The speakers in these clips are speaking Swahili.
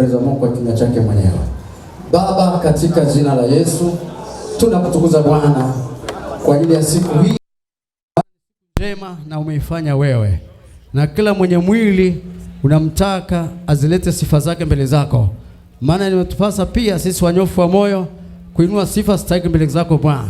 mbele za Mungu kwa kinywa chake mwenyewe. Baba, katika jina la Yesu tunakutukuza Bwana kwa ajili ya siku hii njema na umeifanya wewe, na kila mwenye mwili unamtaka azilete sifa zake mbele zako, maana imetupasa pia sisi wanyofu wa moyo kuinua sifa stahiki mbele zako Bwana,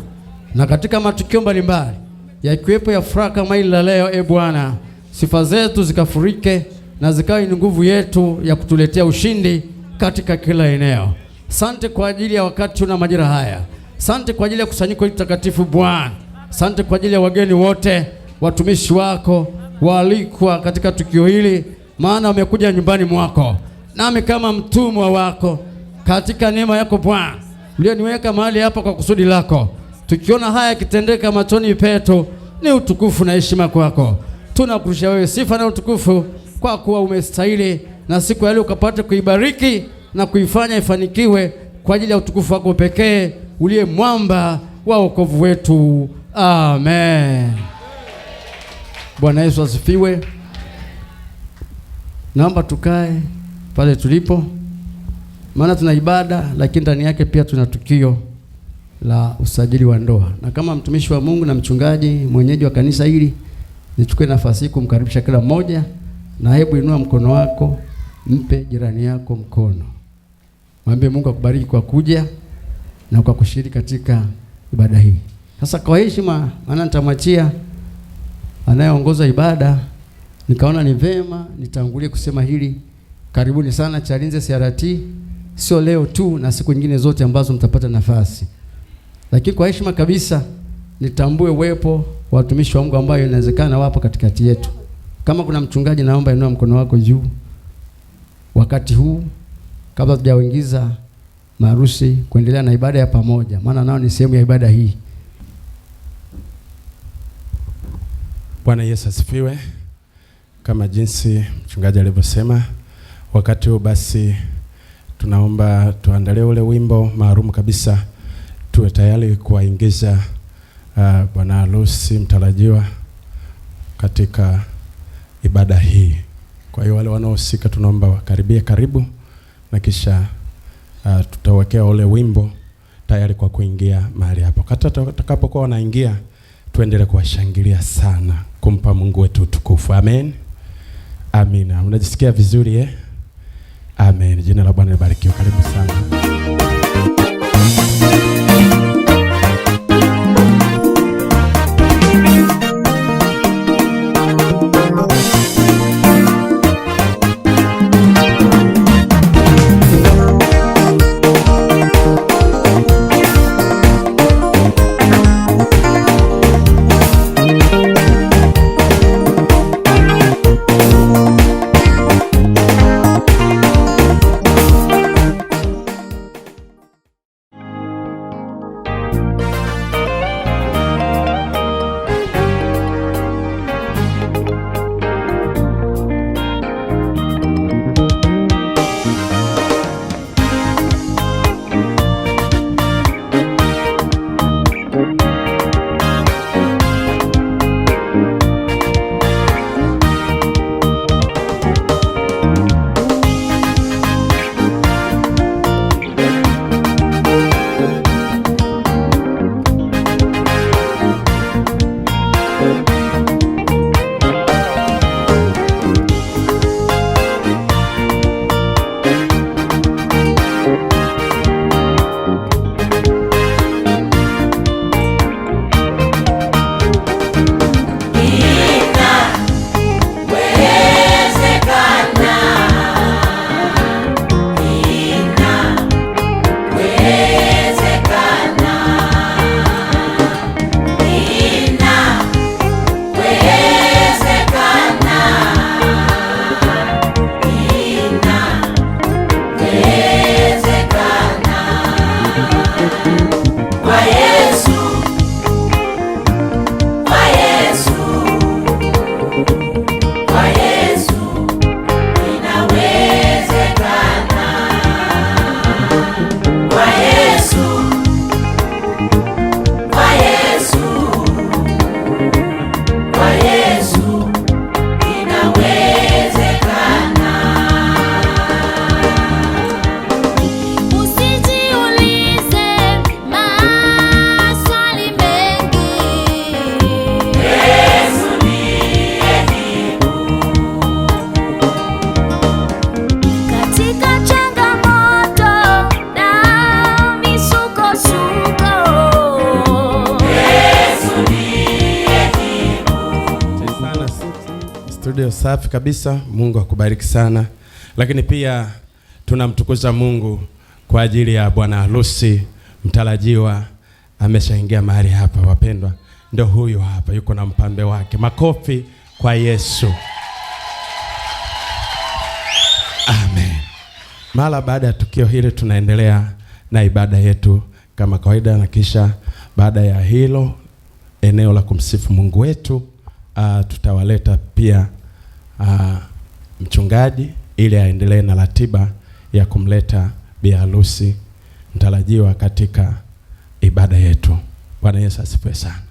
na katika matukio mbalimbali yakiwepo ya furaha kama ile leo, e Bwana, sifa zetu zikafurike na zikawe ni nguvu yetu ya kutuletea ushindi katika kila eneo. Sante kwa ajili ya wakati una majira haya. Sante kwa ajili ya kusanyiko hili takatifu Bwana. Sante kwa ajili ya wageni wote, watumishi wako waalikwa katika tukio hili, maana wamekuja nyumbani mwako, nami kama mtumwa wako katika neema yako Bwana niweka mahali hapa kwa kusudi lako. Tukiona haya yakitendeka machoni petu, ni utukufu na heshima kwako. Tunakurusha wewe sifa na utukufu kwa kuwa umestahili, na siku ya leo ukapate kuibariki na kuifanya ifanikiwe kwa ajili ya utukufu wako pekee uliye mwamba wa wokovu wetu. Amen. Bwana Yesu asifiwe. Naomba tukae pale tulipo, maana tuna ibada lakini ndani yake pia tuna tukio la usajili wa ndoa, na kama mtumishi wa Mungu na mchungaji mwenyeji wa kanisa hili, nichukue nafasi hii kumkaribisha kila mmoja na hebu inua mkono wako, mpe jirani yako mkono, mwambie Mungu akubariki kwa kuja na kwa kushiriki katika ibada hii. Sasa kwa heshima, maana nitamwachia anayeongoza ibada, nikaona ni vema nitangulie kusema hili. Karibuni sana Chalinze CRT, sio leo tu na siku nyingine zote ambazo mtapata nafasi, lakini kwa heshima kabisa nitambue uwepo wa watumishi wa Mungu ambayo inawezekana wapo katikati yetu. Kama kuna mchungaji, naomba inua mkono wako juu wakati huu, kabla tujaingiza maharusi kuendelea na ibada ya pamoja, maana nao ni sehemu ya ibada hii. Bwana Yesu asifiwe. Kama jinsi mchungaji alivyosema, wakati huu basi tunaomba tuandalie ule wimbo maalum kabisa, tuwe tayari kuwaingiza uh, bwana harusi mtarajiwa katika ibada hii. Kwa hiyo wale wanaohusika tunaomba wakaribie karibu, na kisha uh, tutawekea ule wimbo tayari kwa kuingia mahali hapo. Hata tutakapokuwa wanaingia, tuendelee kuwashangilia sana, kumpa Mungu wetu utukufu. Amen, amina. unajisikia vizuri eh? Amen. Jina la Bwana libarikiwe. Karibu sana. Studio safi kabisa. Mungu akubariki sana, lakini pia tunamtukuza Mungu kwa ajili ya bwana harusi mtarajiwa, ameshaingia mahali hapa. Wapendwa, ndio huyu hapa, yuko na mpambe wake. Makofi kwa Yesu, amen. Mara baada ya tukio hili, tunaendelea na ibada yetu kama kawaida, na kisha baada ya hilo, eneo la kumsifu Mungu wetu uh, tutawaleta pia uh, mchungaji ili aendelee na ratiba ya kumleta bi harusi mtarajiwa katika ibada yetu. Bwana Yesu asifiwe sana.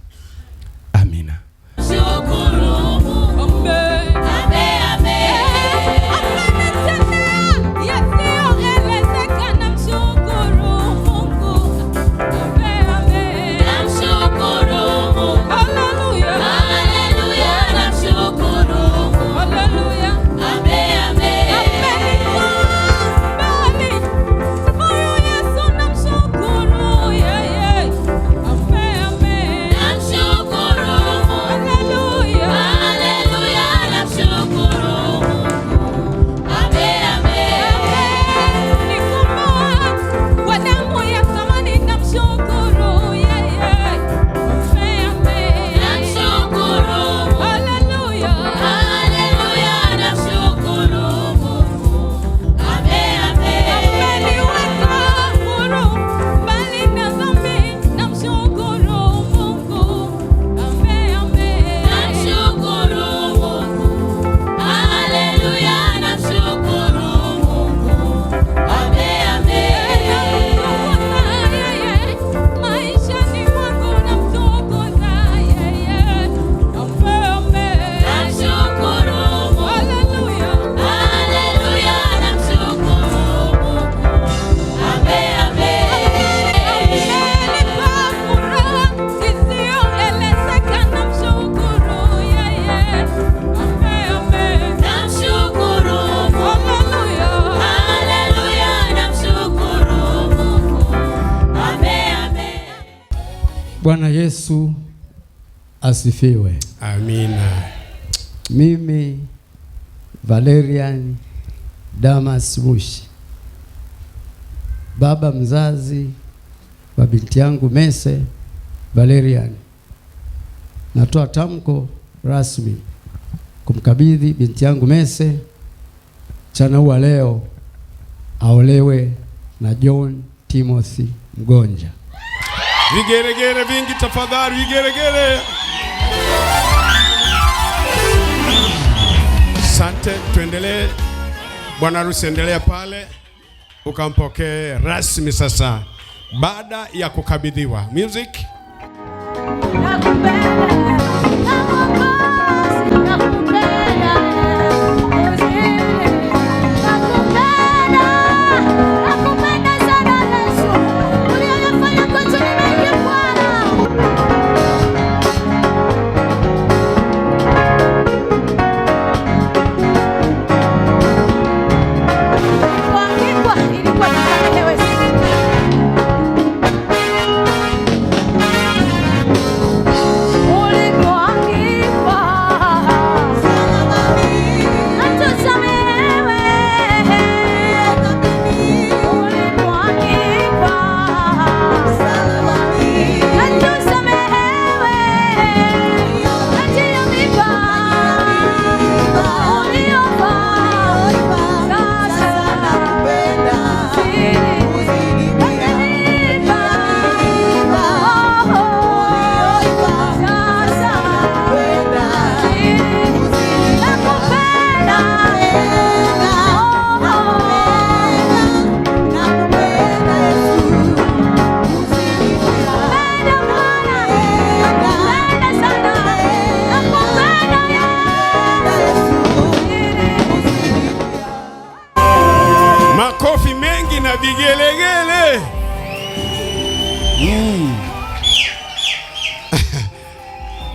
Bwana Yesu asifiwe. Amina. Mimi Valerian Damas Mushi, baba mzazi wa binti yangu Mese Valerian, natoa tamko rasmi kumkabidhi binti yangu Mese Chanauwa leo aolewe na John Timothy Mgonja. Vigeregere vingi tafadhali, vigeregere. Sante, tuendelee. Bwana harusi, endelea pale ukampokee rasmi sasa, baada ya kukabidhiwa music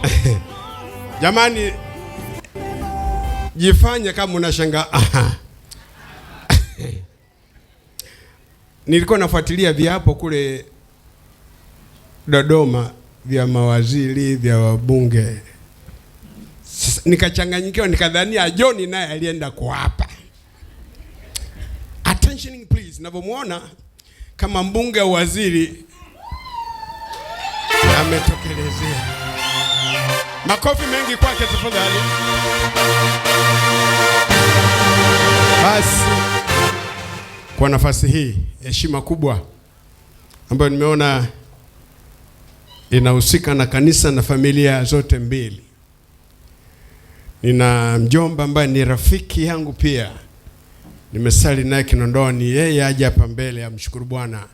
Jamani, jifanye kama unashanga Nilikuwa nafuatilia viapo kule Dodoma vya mawaziri vya wabunge, nikachanganyikiwa, nikadhania John naye alienda kuapa. Attention please, ninavyomwona kama mbunge wa waziri ametokelezea Makofi mengi kwake tafadhali. Basi kwa nafasi hii, heshima kubwa ambayo nimeona inahusika na kanisa na familia zote mbili. Nina mjomba ambaye ni rafiki yangu pia, nimesali naye Kinondoni, yeye aje hapa mbele amshukuru Bwana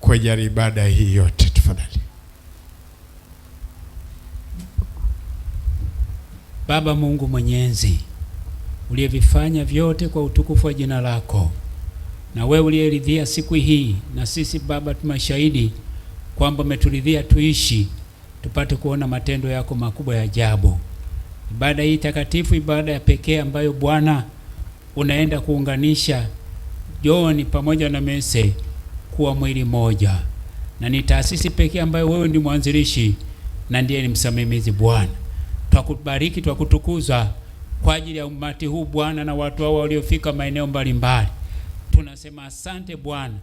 kwa ajili ibada hii yote. Tafadhali. Baba Mungu Mwenyezi, uliyevifanya vyote kwa utukufu wa jina lako, na wewe uliyeridhia siku hii, na sisi Baba tumashahidi kwamba umeturidhia tuishi tupate kuona matendo yako makubwa ya ajabu. Ibada hii takatifu, ibada ya pekee ambayo Bwana unaenda kuunganisha John pamoja na Mese kuwa mwili mmoja, na ni taasisi pekee ambayo wewe ndi mwanzilishi na ndiye ni msimamizi Bwana twakubariki, twakutukuza kwa ajili ya umati huu Bwana, na watu hao waliofika maeneo mbalimbali. Tunasema asante Bwana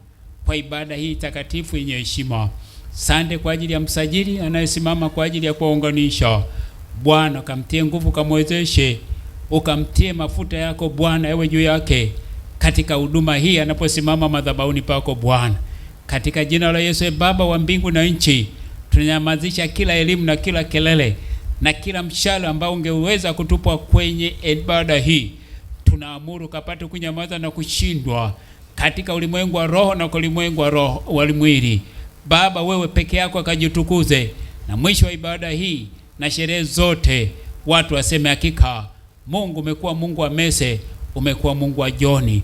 kwa ibada hii takatifu yenye heshima. Asante kwa ajili ya msajili anayesimama kwa ajili ya kuwaunganisha. Bwana kamtie nguvu, kamwezeshe, ukamtie mafuta yako Bwana yawe juu yake katika huduma hii anaposimama madhabahuni pako Bwana, katika jina la Yesu. Ee Baba wa mbingu na nchi, tunanyamazisha kila elimu na kila kelele na kila mshale ambao ungeweza kutupwa kwenye ibada hii, tunaamuru kapate kunyamaza na kushindwa katika ulimwengu wa roho na ulimwengu wa roho wa mwili. Baba, wewe peke yako akajitukuze, na mwisho wa ibada hii na sherehe zote watu waseme hakika Mungu umekuwa Mungu wa Mese, umekuwa Mungu wa Joni,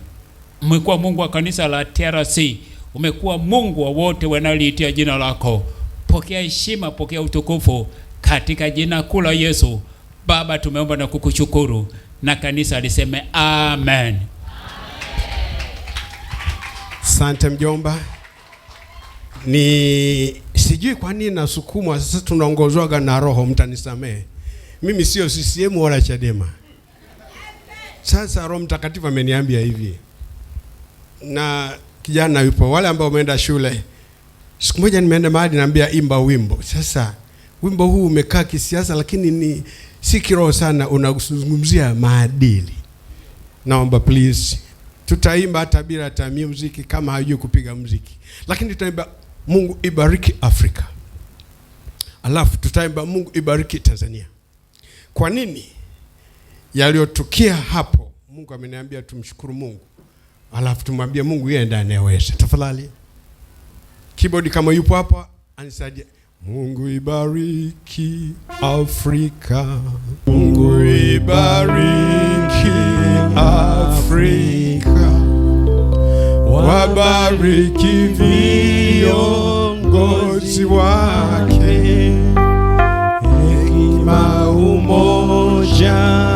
umekuwa Mungu wa kanisa la TRC, umekuwa Mungu wa wote wanaoliitia jina lako. Pokea heshima, pokea utukufu katika jina kuu la Yesu. Baba, tumeomba na kukushukuru, na kanisa liseme amen. Asante mjomba. Ni sijui kwa nini nasukumwa sasa, tunaongozwaga na Roho, mtanisamehe mimi, sio CCM wala Chadema. Sasa Roho Mtakatifu ameniambia hivi, na kijana yupo, wale ambao wameenda shule. Siku moja nimeenda mahali, naambia imba wimbo sasa wimbo huu umekaa kisiasa, lakini ni si kiroho sana, unazungumzia maadili. Naomba please, tutaimba hata bila hata muziki, kama hajui kupiga muziki, lakini tutaimba Mungu ibariki Afrika, alafu tutaimba Mungu ibariki Tanzania. Kwa nini? Yaliyotukia hapo, Mungu ameniambia tumshukuru Mungu, alafu tumwambie Mungu yeye ndiye anayeweza. Tafadhali keyboard kama yupo hapa anisaidie. Mungu ibariki Afrika. Mungu ibariki Afrika. Wabariki viongozi wake. Hekima umoja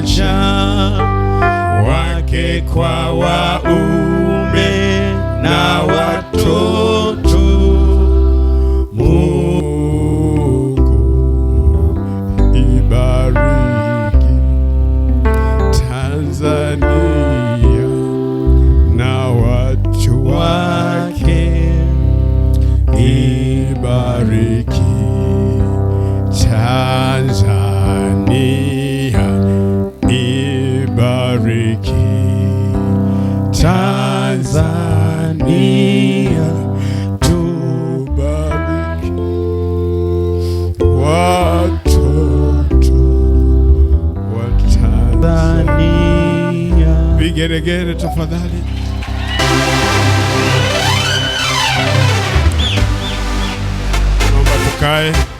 umoja wake kwa waume na wake vigeregere tafadhali. Naomba tukae.